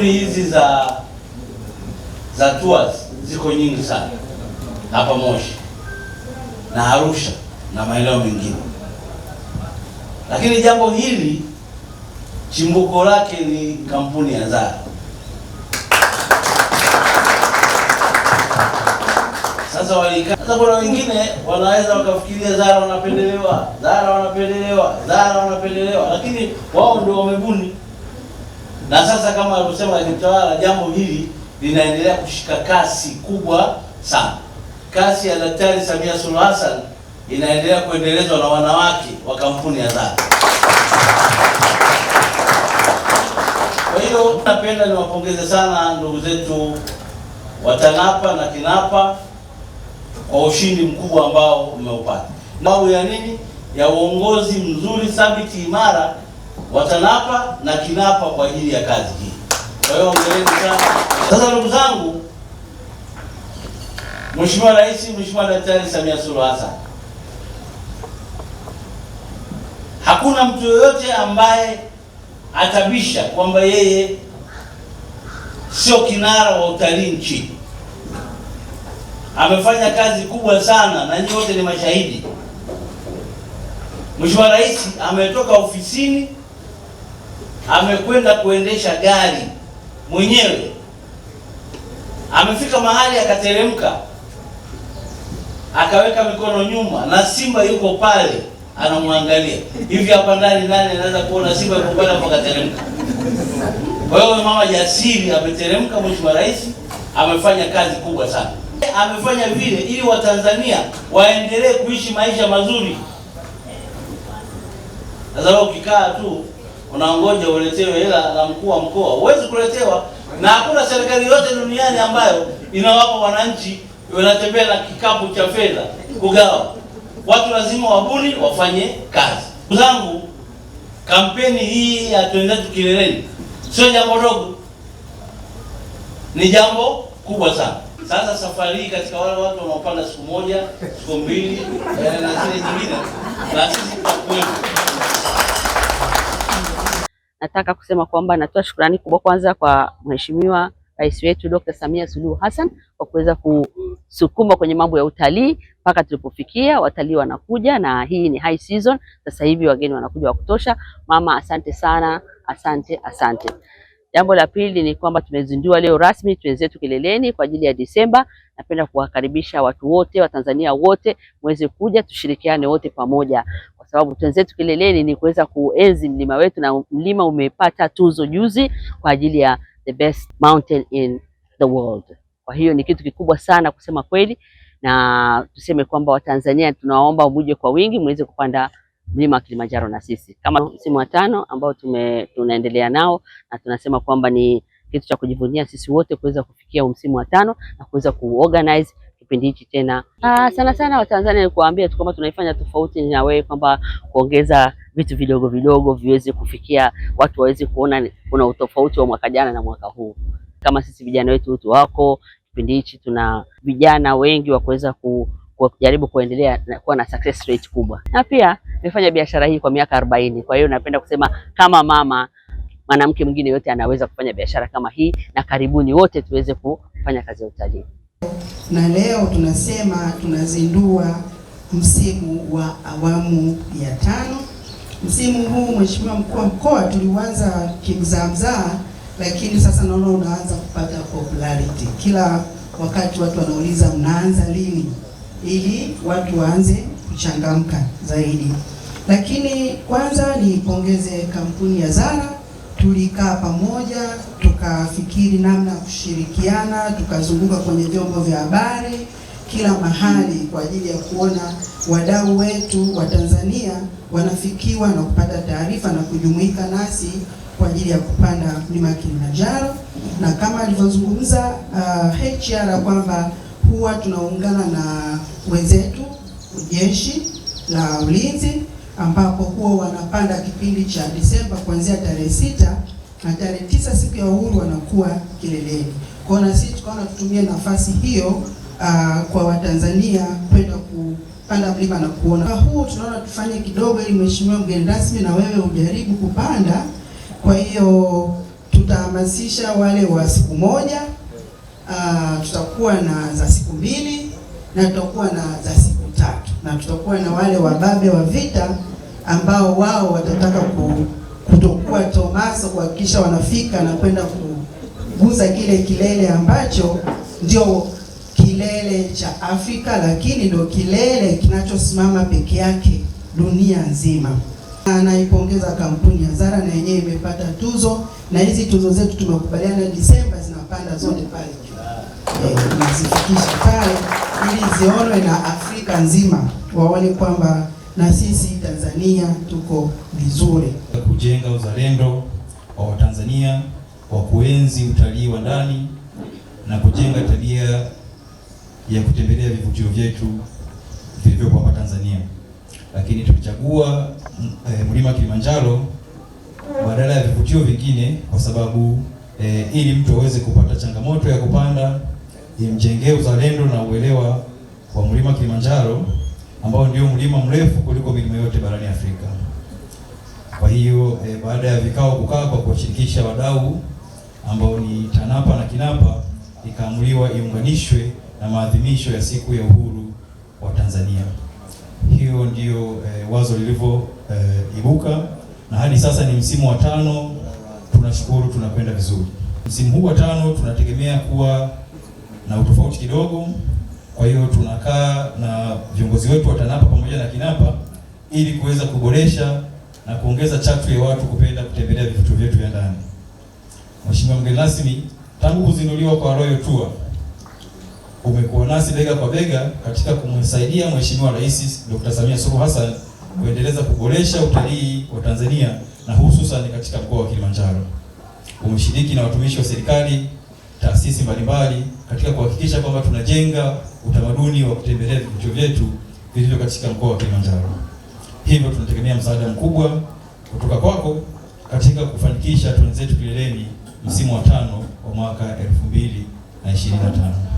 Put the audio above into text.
Hizi za za tours ziko nyingi sana hapa Moshi na Arusha na maeneo mengine, lakini jambo hili chimbuko lake ni kampuni ya Zara. Sasa walika sasa, kuna wengine wanaweza wakafikiria Zara wanapendelewa, Zara wanapendelewa, Zara wanapendelewa, lakini wao ndio wamebuni na sasa kama alivyosema alimtawala, jambo hili linaendelea kushika kasi kubwa sana. Kasi ya Daktari Samia Suluhu Hassan inaendelea kuendelezwa na wanawake wa kampuni ya Zara. Kwa hiyo napenda niwapongeze sana ndugu zetu wa TANAPA na KINAPA kwa ushindi mkubwa ambao umeupata, Mambo ya nini, ya uongozi mzuri thabiti, imara watanapa na kinapa kwa ajili ya kazi hii. Kwa hiyo hongereni sana. Sasa ndugu zangu, Mheshimiwa Rais, Mheshimiwa Daktari Samia Suluhu Hassan, hakuna mtu yoyote ambaye atabisha kwamba yeye sio kinara wa utalii nchini. Amefanya kazi kubwa sana na nyote wote ni mashahidi. Mheshimiwa Rais ametoka ofisini amekwenda kuendesha gari mwenyewe, amefika mahali akateremka, akaweka mikono nyuma, na simba yuko pale anamwangalia hivi. Hapa ndani nani anaweza kuona simba yuko pale hapo? Akateremka. Kwa hiyo mama jasiri ameteremka, mheshimiwa rais amefanya kazi kubwa sana, amefanya vile ili Watanzania waendelee kuishi maisha mazuri. Sasa ukikaa tu unaongoja uletewe hela na mkuu wa mkoa, huwezi kuletewa, na hakuna serikali yote duniani ambayo inawapa wananchi, wanatembea na kikapu cha fedha kugawa. Watu lazima wabuni, wafanye kazi. Zangu kampeni hii ya Twenzetu Kileleni sio jambo dogo, ni jambo kubwa sana. Sasa safari hii katika wale watu wanaopanda siku moja, siku mbili na zile zingine, na sisi tutakuwepo nataka kusema kwamba natoa shukrani kubwa kwanza kwa Mheshimiwa Rais wetu Dr. Samia Suluhu Hassan kwa kuweza kusukuma kwenye mambo ya utalii mpaka tulipofikia, watalii wanakuja na hii ni high season. Sasa hivi wageni wanakuja wa kutosha. Mama, asante sana, asante asante. Jambo la pili ni kwamba tumezindua leo rasmi Twende Zetu Kileleni kwa ajili ya Disemba. Napenda kuwakaribisha watu wote, Watanzania wote mweze kuja tushirikiane wote pamoja sababu tenzi kileleni ni kuweza kuenzi mlima wetu, na mlima umepata tuzo juzi kwa ajili ya the best mountain in the world. Kwa hiyo ni kitu kikubwa sana kusema kweli, na tuseme kwamba Watanzania tunawaomba muje kwa wingi muweze kupanda mlima wa Kilimanjaro na sisi kama msimu wa tano ambao tume, tunaendelea nao na tunasema kwamba ni kitu cha kujivunia sisi wote kuweza kufikia msimu wa tano na kuweza kuorganize kipindi hichi tena. Aa, ah, sana sana Watanzania nikuambia tu kwamba tunaifanya tofauti na wewe, kwamba kuongeza vitu vidogo vidogo viweze kufikia watu, waweze kuona kuna utofauti wa mwaka jana na mwaka huu. Kama sisi vijana wetu tu wako kipindi hichi, tuna vijana wengi wa kuweza ku kujaribu kuendelea kuwa na success rate kubwa, na pia nimefanya biashara hii kwa miaka arobaini. Kwa hiyo napenda kusema kama mama, mwanamke mwingine yote anaweza kufanya biashara kama hii, na karibuni wote tuweze kufanya kazi ya utalii na leo tunasema tunazindua msimu wa awamu ya tano. Msimu huu Mheshimiwa mkuu wa mkoa, tuliuanza kimzaamzaa, lakini sasa naona unaanza kupata popularity. Kila wakati watu wanauliza mnaanza lini, ili watu waanze kuchangamka zaidi. Lakini kwanza nipongeze kampuni ya Zara tulikaa pamoja tukafikiri namna ya kushirikiana, tukazunguka kwenye vyombo vya habari kila mahali kwa ajili ya kuona wadau wetu wa Tanzania wanafikiwa na kupata taarifa na kujumuika nasi kwa ajili ya kupanda mlima Kilimanjaro, na kama alivyozungumza uh, HR kwamba huwa tunaungana na wenzetu jeshi la ulinzi ambapo huo wanapanda kipindi cha Desemba kuanzia tarehe sita na tarehe tisa siku ya uhuru wanakuwa kileleni. Kwa na sisi tukaona tutumie nafasi hiyo uh, kwa Watanzania kwenda kupanda mlima na kuona huo tunaona tufanye kidogo, ili mheshimiwa mgeni rasmi na wewe ujaribu kupanda. Kwa hiyo tutahamasisha wale wa siku moja uh, tutakuwa na za siku mbili na tutakuwa na za na tutakuwa na wale wababe wa vita ambao wao watataka kutokuwa tomaso kuhakikisha wanafika na kwenda kuguza kile kilele ambacho ndio kilele cha Afrika, lakini ndio kilele kinachosimama peke yake dunia nzima. Anaipongeza kampuni ya Zara na yenyewe imepata tuzo, na hizi tuzo zetu tumekubaliana Desemba zinapanda zote pale nazifikisha pale ili zionwe na Afrika nzima, waone kwamba na sisi Tanzania tuko vizuri, kujenga uzalendo wa Watanzania wa kuenzi utalii wa ndani na kujenga tabia ya kutembelea vivutio vyetu vilivyopo hapa Tanzania. Lakini tulichagua eh, mlima Kilimanjaro badala ya vivutio vingine kwa sababu eh, ili mtu aweze kupata changamoto ya kupanda imjengee uzalendo na uelewa wa mlima Kilimanjaro ambao ndio mlima mrefu kuliko milima yote barani Afrika. Kwa hiyo e, baada ya vikao kukaa kwa kuwashirikisha wadau ambao ni TANAPA na KINAPA, ikaamuliwa iunganishwe na maadhimisho ya siku ya uhuru wa Tanzania. Hiyo ndio e, wazo lilivyoibuka e, na hadi sasa ni msimu wa tano. Tunashukuru tunakwenda vizuri. Msimu huu wa tano tunategemea kuwa na utofauti kidogo. Kwa hiyo tunakaa na viongozi wetu wa TANAPA pamoja na KINAPA ili kuweza kuboresha na kuongeza chachu ya watu kupenda kutembelea vivutio vyetu vya ndani. Mheshimiwa mgeni rasmi, tangu kuzinduliwa kwa Royal Tour umekuwa nasi bega kwa bega katika kumsaidia Mheshimiwa Rais Dr. Samia Suluhu Hassan kuendeleza kuboresha utalii wa Tanzania na hususan katika mkoa wa Kilimanjaro. Umeshiriki na watumishi wa serikali taasisi mbalimbali katika kuhakikisha kwamba tunajenga utamaduni wa kutembelea vivutio vyetu vilivyo katika mkoa wa Kilimanjaro. Hivyo tunategemea msaada mkubwa kutoka kwako katika kufanikisha Twenzetu Kileleni msimu wa tano wa mwaka 2025.